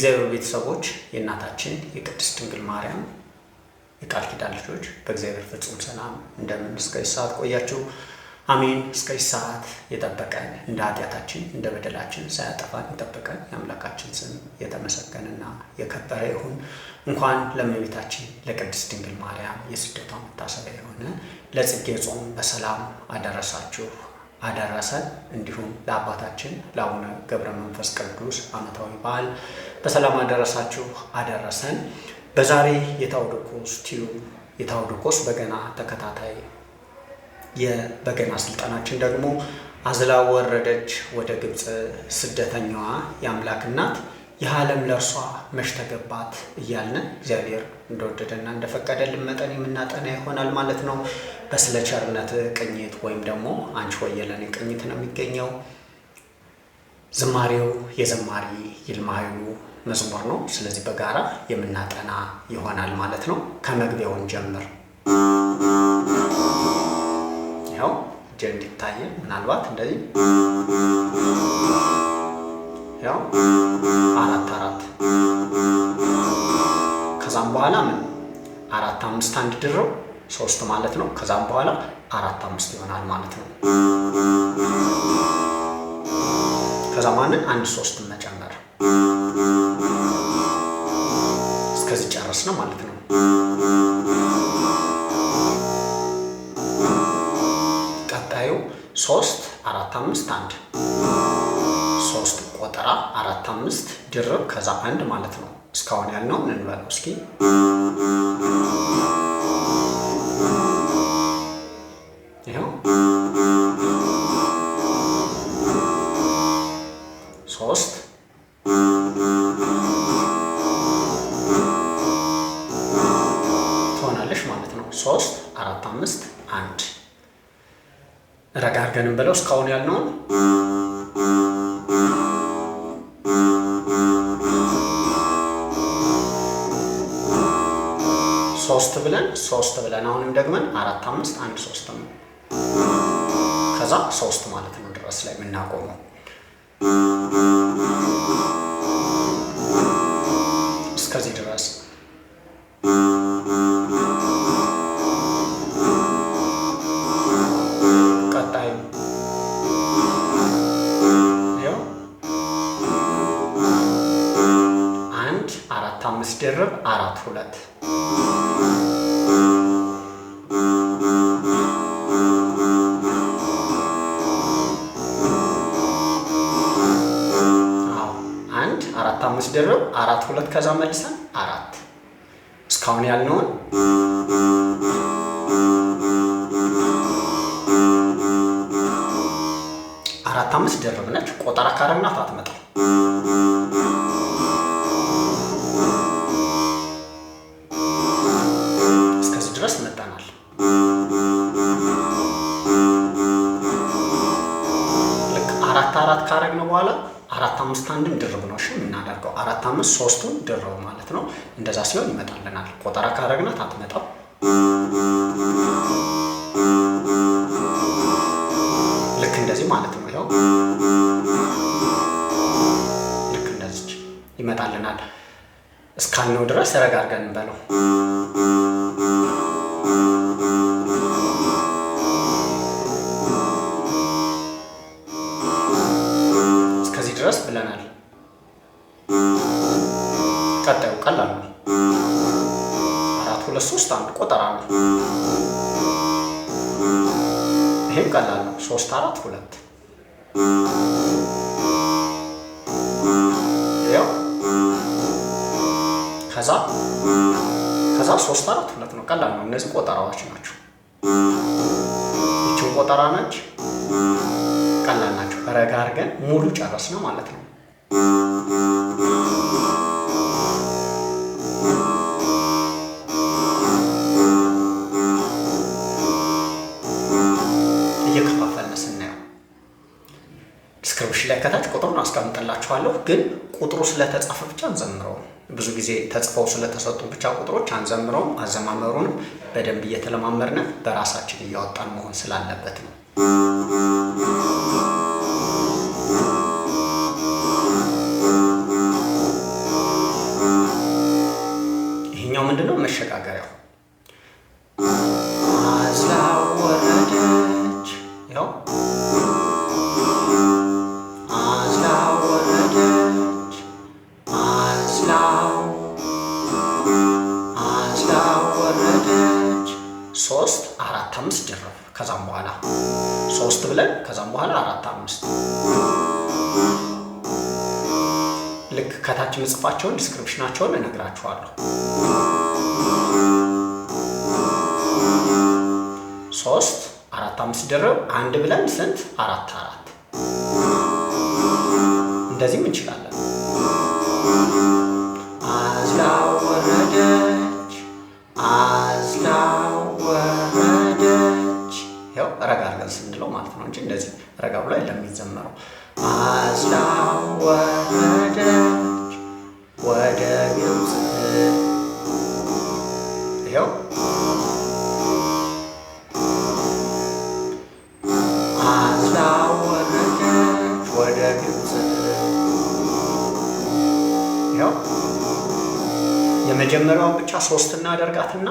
የእግዚአብሔር ቤተሰቦች የእናታችን የቅድስት ድንግል ማርያም የቃል ኪዳን ልጆች በእግዚአብሔር ፍጹም ሰላም እንደምን እስከ ሰዓት ቆያችሁ? አሜን። እስከ ሰዓት የጠበቀን እንደ ኃጢአታችን እንደ በደላችን ሳያጠፋን የጠበቀን የአምላካችን ስም የተመሰገነና የከበረ ይሁን። እንኳን ለእመቤታችን ለቅድስት ድንግል ማርያም የስደቷ መታሰቢያ የሆነ ለጽጌ ጾም በሰላም አደረሳችሁ አደረሰን። እንዲሁም ለአባታችን ለአቡነ ገብረ መንፈስ ቅዱስ ዓመታዊ በዓል በሰላም አደረሳችሁ አደረሰን። በዛሬ የታኦዶኮስ ቲዩብ የታኦዶኮስ በገና ተከታታይ የበገና ስልጠናችን ደግሞ አዝላ ወረደች ወደ ግብፅ ስደተኛዋ የአምላክ እናት የዓለም ለእርሷ መሽተገባት ተገባት እያልን እግዚአብሔር እንደወደደና እንደፈቀደልን መጠን የምናጠና ይሆናል ማለት ነው። በስለ ቸርነት ቅኝት ወይም ደግሞ አንቺ ወየለን ቅኝት ነው የሚገኘው። ዝማሬው የዘማሪ ይልማዩ መዝሙር ነው። ስለዚህ በጋራ የምናጠና ይሆናል ማለት ነው። ከመግቢያውን ጀምር ያው እጀ እንዲታየ ምናልባት እንደዚህ ያው አራት አራት ከዛም በኋላ ምን አራት አምስት አንድ ድረው ሶስት ማለት ነው። ከዛም በኋላ አራት አምስት ይሆናል ማለት ነው። ከዛ ማንን አንድ ሶስት እስከዚህ ጨረስ ነው ማለት ነው። ቀጣዩ ሶስት አራት አምስት አንድ ሶስት ቆጠራ አራት አምስት ድርብ ከዛ አንድ ማለት ነው። እስካሁን ያልነው እንበለው እስኪ አድርገንም ብለው እስካሁን ያልነውን ሶስት ብለን ሶስት ብለን አሁንም ደግመን አራት አምስት አንድ ሶስት ነው። ከዛ ሶስት ማለት ነው ድረስ ላይ የምናቆመው ድርብ አራት ሁለት ከዛ መልሰን አራት እስካሁን ያልነውን አራት አምስት ድርብ ነች። ቆጠራ ካረግናት አትመጣም። እስከዚህ ድረስ መጣናል። ልክ አራት አራት ካረግነው በኋላ አራት አምስት አንድም ድርብ አራት አምስት ሶስቱን ድረው ማለት ነው። እንደዛ ሲሆን ይመጣልናል። ቆጠራ ካረግናት አትመጣም። ልክ እንደዚህ ማለት ነው። ይኸው ልክ እንደዚች ይመጣልናል። እስካልነው ድረስ ረጋ አድርገን እንበለው። ይህም ቀላል ነው። ሶስት አራት ሁለት ያው ከዛ ከዛ ሶስት አራት ሁለት ነው። ቀላል ነው። እነዚህ ቆጠራዎች ናቸው። ይችን ቆጠራ ነች። ቀላል ናቸው። ረጋ አድርገን ሙሉ ጨረስ ነው ማለት ነው። ቁጥሩን አስቀምጥላችኋለሁ። ግን ቁጥሩ ስለተጻፈ ብቻ አንዘምረውም። ብዙ ጊዜ ተጽፈው ስለተሰጡ ብቻ ቁጥሮች አንዘምረውም። አዘማመሩንም በደንብ እየተለማመርነ በራሳችን እያወጣን መሆን ስላለበት ነው። ይሄኛው ምንድነው? መሸጋገሪያው ሶስት አራት አምስት ድርብ ከዛም በኋላ ሶስት ብለን ከዛም በኋላ አራት አምስት ልክ ከታች ምጽፋቸውን ዲስክሪፕሽናቸውን እነግራችኋለሁ። ሶስት አራት አምስት ድርብ አንድ ብለን ስንት አራት አራት እንደዚህም እንችላለን። አዝላው ወረደች። ያው ረጋ አድርገን ስንድለው ማለት ነው እንጂ እንደዚህ ረጋ ብሎ አይደለም የሚዘመረው። አዝላ ወረደች ወደ ግብፅ። ያው አዝላ ወረደች ወደ ግብፅ። ያው የመጀመሪያውን ብቻ ሶስት እናደርጋትና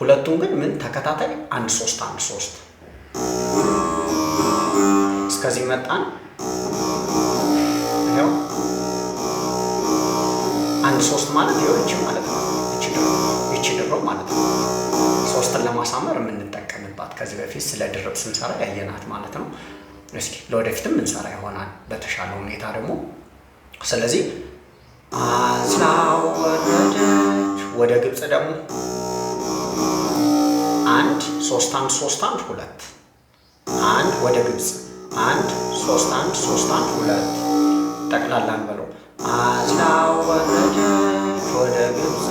ሁለቱም ግን ምን ተከታታይ አንድ ሶስት አንድ ሶስት እስከዚህ መጣን። አንድ ሶስት ማለት ይች ማለት ነው። ይች ድሮ ማለት ነው። ሶስትን ለማሳመር የምንጠቀምባት ከዚህ በፊት ስለ ድርብ ስንሰራ ያየናት ማለት ነው። እስኪ ለወደፊትም እንሰራ ይሆናል በተሻለ ሁኔታ ደግሞ። ስለዚህ አዝላ ወደ ግብፅ ደግሞ ሶስት አንድ ሶስት አንድ ሁለት አንድ ወደ ግብፅ አንድ ሶስት አንድ ሶስት አንድ ሁለት ጠቅላላን በለው አዝላ ወረደች ወደ ግብፅ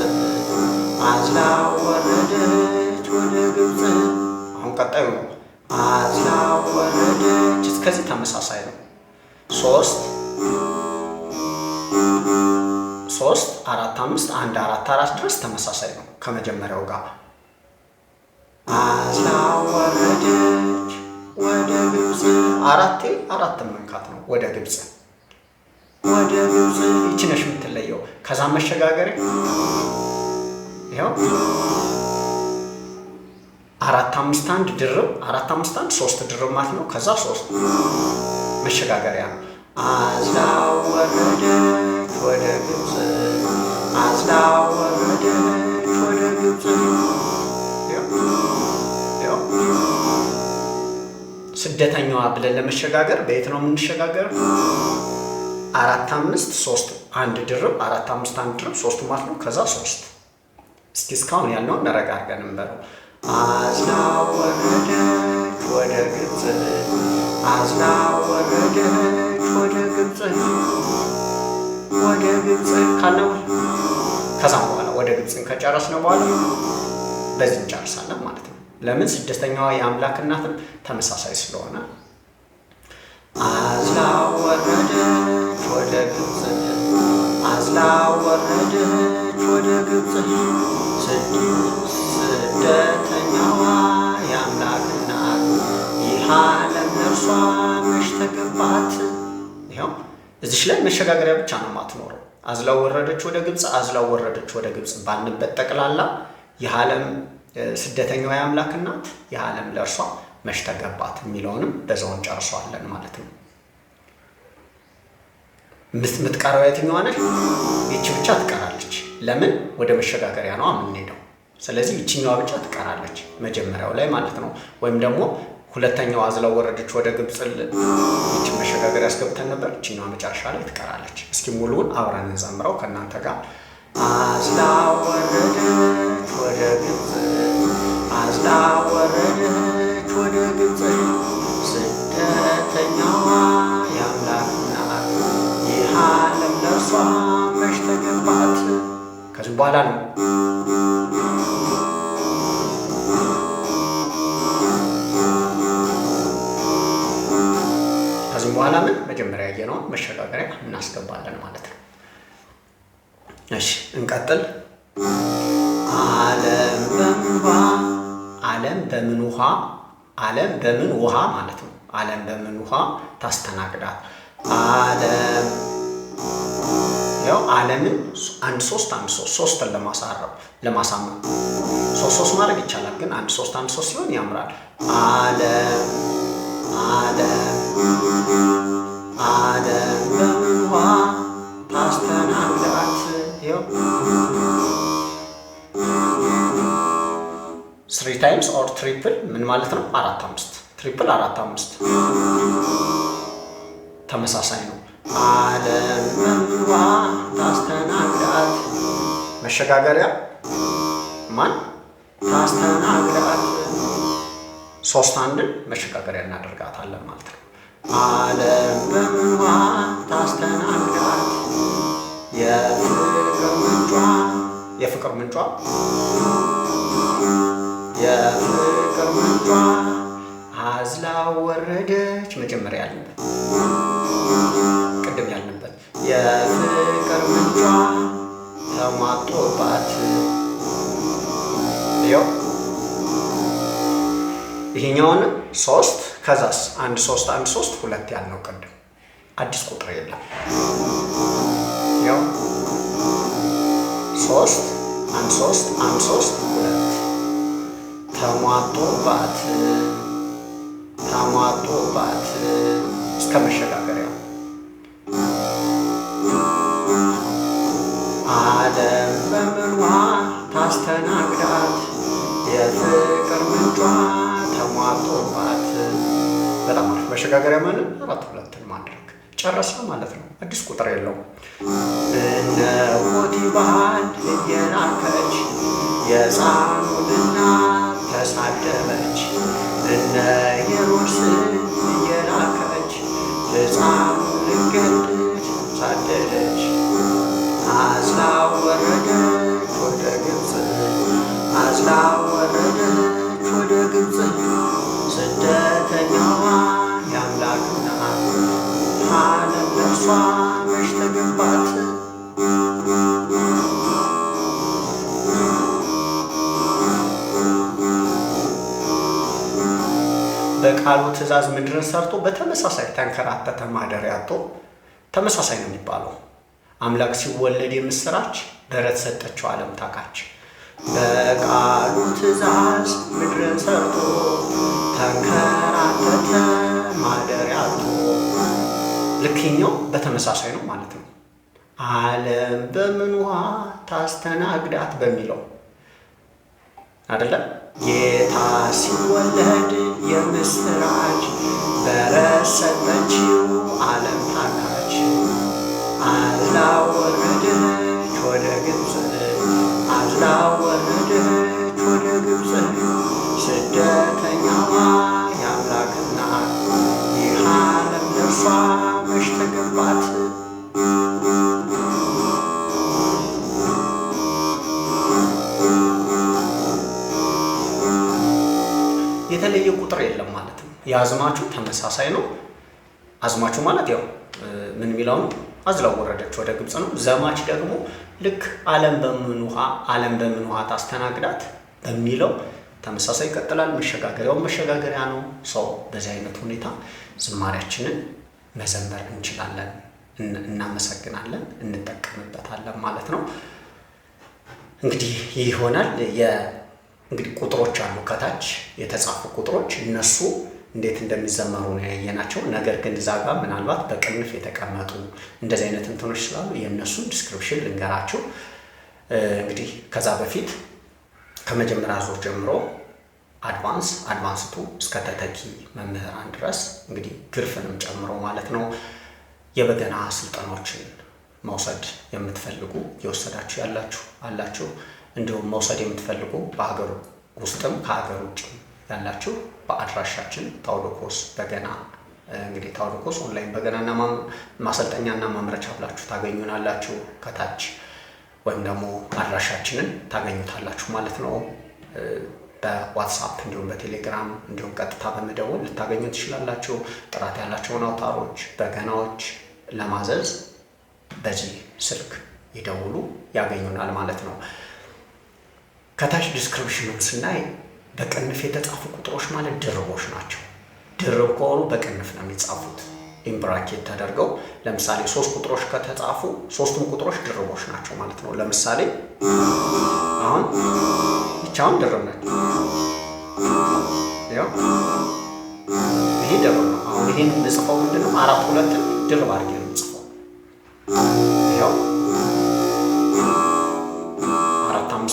አዝላ ወረደች ወደ ግብፅ። አሁን ቀጣዩ ነው። ወረደች እስከዚህ ተመሳሳይ ነው። ሶስት ሶስት አራት አምስት አንድ አራት አራት ድረስ ተመሳሳይ ነው ከመጀመሪያው ጋር ወረደች ወደ ግብፅ። አራቴ አራት መንካት ነው። ወደ ግብፅ ወደ ግብፅ ይችነሽ የምትለየው ከዛ መሸጋገር ይኸው አራት አምስት አንድ ድርብ አራት አምስት አንድ ሶስት ድርብ ማለት ነው። ከዛ ሶስት መሸጋገሪያ ነው። አዝላ ወረደች ወደ ግብፅ፣ አዝላ ወረደች ወደ ግብፅ ስደተኛዋ ብለን ለመሸጋገር በየት ነው የምንሸጋገር? አራት አምስት ሶስት አንድ ድርብ አራት አምስት አንድ ድርብ ሶስቱ ማለት ነው። ከዛ ሶስት እስኪ እስካሁን ያለውን ነረጋ አድርገን እንበለው። አዝላ ወረደች ወደ ግብፅ፣ አዝላ ወረደች ወደ ግብፅ፣ ወደ ግብፅ ካለው ከዛም በኋላ ወደ ግብፅን ከጨረስነው በኋላ በዚህ እንጨርሳለን ማለት ነው። ለምን ስድስተኛዋ የአምላክ እናትም ተመሳሳይ ስለሆነ አዝላ ወረደች ወደ ግብፅ አዝላ ወረደች ወደ ግብፅ ስደተኛዋ የአምላክ እናት ይህ ዓለም ነርሷ መች ተገባት። ይኸው እዚች ላይ መሸጋገሪያ ብቻ ነው ማትኖረው። አዝላው ወረደች ወደ ግብፅ አዝላው ወረደች ወደ ግብፅ ባንበት ጠቅላላ ይህ ዓለም ስደተኛዋ የአምላክ እናት የዓለም ለእርሷ መች ተገባት የሚለውንም በዛውን ጨርሰዋለን ማለት ነው። የምትቀረው የትኛዋ ነች? ይቺ ብቻ ትቀራለች። ለምን ወደ መሸጋገሪያ ነው የምንሄደው። ስለዚህ ይችኛዋ ብቻ ትቀራለች መጀመሪያው ላይ ማለት ነው። ወይም ደግሞ ሁለተኛው አዝላ ወረደች ወደ ግብፅ፣ ይቺ መሸጋገሪያ አስገብተን ነበር። ይችኛዋ መጨረሻ ላይ ትቀራለች። እስኪ ሙሉውን አብረን እንዘምረው ከእናንተ ጋር አዝላ ወረደች ወደ ግብፅ አዝላ ወደ ግብፅ ስደተኛዋ የአምላክ ናት። ይህ ዓለም ከዚህ በኋላ ነው ከዚህ በኋላ ምን መጀመሪያ ያየነውን መሸጋገሪያ እናስገባለን ማለት ነው። እሺ እንቀጥል። ዓለም በምን ውሃ ዓለም በምን ውሃ ማለት ነው። ዓለም በምን ውሃ ታስተናግዳል? ዓለም ያው ዓለምን አንድ ሶስት አንድ ሶስት ሶስትን ለማሳረብ ለማሳመር ሶስት ሶስት ማድረግ ይቻላል፣ ግን አንድ ሶስት አንድ ሶስት ሲሆን ያምራል። ዓለም ዓለም ዓለም በምን ውሃ ታስተናግዳት? ስሪ ታይምስ ኦር ትሪፕል ምን ማለት ነው? አራት አምስት። ትሪፕል አራት አምስት ተመሳሳይ ነው። አለምዋ ታስተናግዳት መሸጋገሪያ ማን ታስተናግዳት ሶስት አንድን መሸጋገሪያ እናደርጋታለን ማለት ነው። ዓለም ታስተናግዳት የፍቅር ምንጯ የፍቅር ምንጯ የፍቅር ምንጯ አዝላ ወረደች። መጀመሪያ ያልንበት ቅድም ያልንበት የፍቅር ምንጯ ተሟጦባት ው ይሄኛውን ሶስት ከዛስ አንድ ሶስት አንድ ሶስት ሁለት ያልነው ቅድም አዲስ ቁጥር የለም። ያው ሶስት አንድ ሶስት አንድ ሶስት ተሟጦባት ተሟጦባት እስከ መሸጋገሪያው ዓለም በምሏ ታስተናግዳት የፍቅር ምንጯ ተሟጦባት። በጣም አሪፍ መሸጋገሪያ ማለት አራት ሁለትን ማድረግ ጨረሰ ማለት ነው። አዲስ ቁጥር የለውም። እነ ሞቲ ባህል እየናከች የጻኑትና ተሳደበች እነ ኢየሩሳሌም እየላከች ሕፃን ልትገድል ሳደደች። አዝላ ወረደች ወደ ግብፅ ካሉ ትእዛዝ ምድርን ሰርቶ በተመሳሳይ ተንከራተተ ማደሪያ አጥቶ ተመሳሳይ ነው የሚባለው። አምላክ ሲወለድ የምስራች በረት ሰጠችው ዓለም ታካች በቃሉ ትእዛዝ ምድርን ሰርቶ ተንከራተተ ማደሪያ አጥቶ ልክኛው በተመሳሳይ ነው ማለት ነው። ዓለም በምንዋ ታስተናግዳት በሚለው አይደለም ጌታ ሲወለድ የምስራች በረሰመችው ዓለም ታካች አዝላ ወደ ግብፅ አዝላ ወደ ግብፅ ስደተኛዋ የአምላክና ይህ ዓለም ነርሷ መሽተገባት የተለየ ቁጥር የለም ማለት ነው። የአዝማቹ ተመሳሳይ ነው። አዝማቹ ማለት ያው ምን የሚለው ነው? አዝላው ወረደች ወደ ግብፅ ነው። ዘማች ደግሞ ልክ ዓለም በምን ውሃ ዓለም በምን ውሃ ታስተናግዳት በሚለው ተመሳሳይ ይቀጥላል። መሸጋገሪያው መሸጋገሪያ ነው። ሰው በዚህ አይነት ሁኔታ ዝማሪያችንን መዘመር እንችላለን፣ እናመሰግናለን፣ እንጠቀምበታለን ማለት ነው። እንግዲህ ይህ ይሆናል። እንግዲህ ቁጥሮች አሉ ከታች የተጻፉ ቁጥሮች እነሱ እንዴት እንደሚዘመሩ ነው ያየናቸው። ነገር ግን እዛ ጋር ምናልባት በቅንፍ የተቀመጡ እንደዚህ አይነት እንትኖች ስላሉ የእነሱን ዲስክሪፕሽን ልንገራቸው። እንግዲህ ከዛ በፊት ከመጀመሪያ ዙር ጀምሮ አድቫንስ አድቫንስቱ እስከ ተተኪ መምህራን ድረስ እንግዲህ ግርፍንም ጨምሮ ማለት ነው የበገና ስልጠናዎችን መውሰድ የምትፈልጉ እየወሰዳችሁ ያላችሁ አላችሁ እንዲሁም መውሰድ የምትፈልጉ በሀገር ውስጥም ከሀገር ውጭ ያላችሁ በአድራሻችን ታውዶኮስ በገና እንግዲህ ታውሎኮስ ኦንላይን በገናና ማሰልጠኛና ማምረቻ ብላችሁ ታገኙናላችሁ። ከታች ወይም ደግሞ አድራሻችንን ታገኙታላችሁ ማለት ነው። በዋትሳፕ እንዲሁም በቴሌግራም እንዲሁም ቀጥታ በመደወል ልታገኙ ትችላላችሁ። ጥራት ያላቸውን አውታሮች፣ በገናዎች ለማዘዝ በዚህ ስልክ ይደውሉ፣ ያገኙናል ማለት ነው። ከታች ዲስክሪፕሽኑን ስናይ በቅንፍ የተጻፉ ቁጥሮች ማለት ድርቦች ናቸው። ድርብ ከሆኑ በቅንፍ ነው የሚጻፉት ኢምብራኬት ተደርገው። ለምሳሌ ሶስት ቁጥሮች ከተጻፉ ሶስቱም ቁጥሮች ድርቦች ናቸው ማለት ነው። ለምሳሌ አሁን ብቻውን ድርብ ናቸው። ይሄ ድርብ ነው። አሁን ይሄን ንጽፈው ምንድነው አራት ሁለትን ድርብ አድርጌ ነው ምጽፈው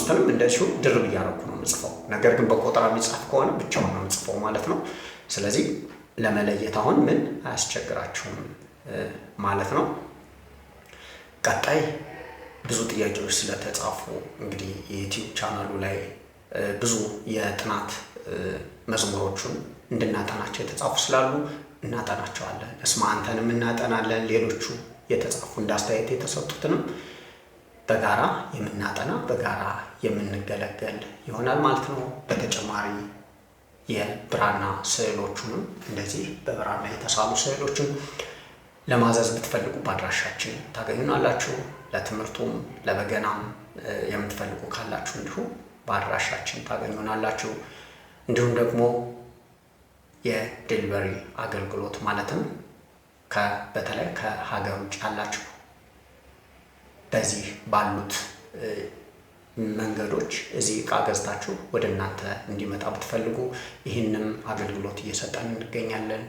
አምስትንም እንደዚሁ ድርብ እያረኩ ነው የምጽፈው። ነገር ግን በቆጠራ የሚጻፍ ከሆነ ብቻውን ነው የምጽፈው ማለት ነው። ስለዚህ ለመለየት አሁን ምን አያስቸግራችሁም ማለት ነው። ቀጣይ ብዙ ጥያቄዎች ስለተጻፉ እንግዲህ የዩቲዩብ ቻናሉ ላይ ብዙ የጥናት መዝሙሮቹን እንድናጠናቸው የተጻፉ ስላሉ እናጠናቸዋለን። እስመ አንተንም እናጠናለን። ሌሎቹ የተጻፉ እንዳስተያየት የተሰጡትንም በጋራ የምናጠና በጋራ የምንገለገል ይሆናል ማለት ነው። በተጨማሪ የብራና ስዕሎቹንም እንደዚህ በብራና የተሳሉ ስዕሎችን ለማዘዝ ብትፈልጉ በአድራሻችን ታገኙናላችሁ። ለትምህርቱም ለበገናም የምትፈልጉ ካላችሁ እንዲሁ በአድራሻችን ታገኙናላችሁ። እንዲሁም ደግሞ የዴሊቨሪ አገልግሎት ማለትም በተለይ ከሀገር ውጭ ያላችሁ በዚህ ባሉት መንገዶች እዚህ እቃ ገዝታችሁ ወደ እናንተ እንዲመጣ ብትፈልጉ ይህንም አገልግሎት እየሰጠን እንገኛለን።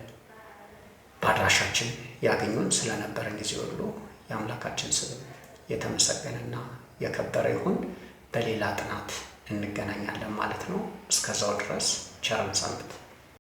በአድራሻችን ያገኙን ስለነበረን ጊዜ ሁሉ የአምላካችን ስም የተመሰገነና የከበረ ይሁን። በሌላ ጥናት እንገናኛለን ማለት ነው። እስከዛው ድረስ ቸርን ሰንብት።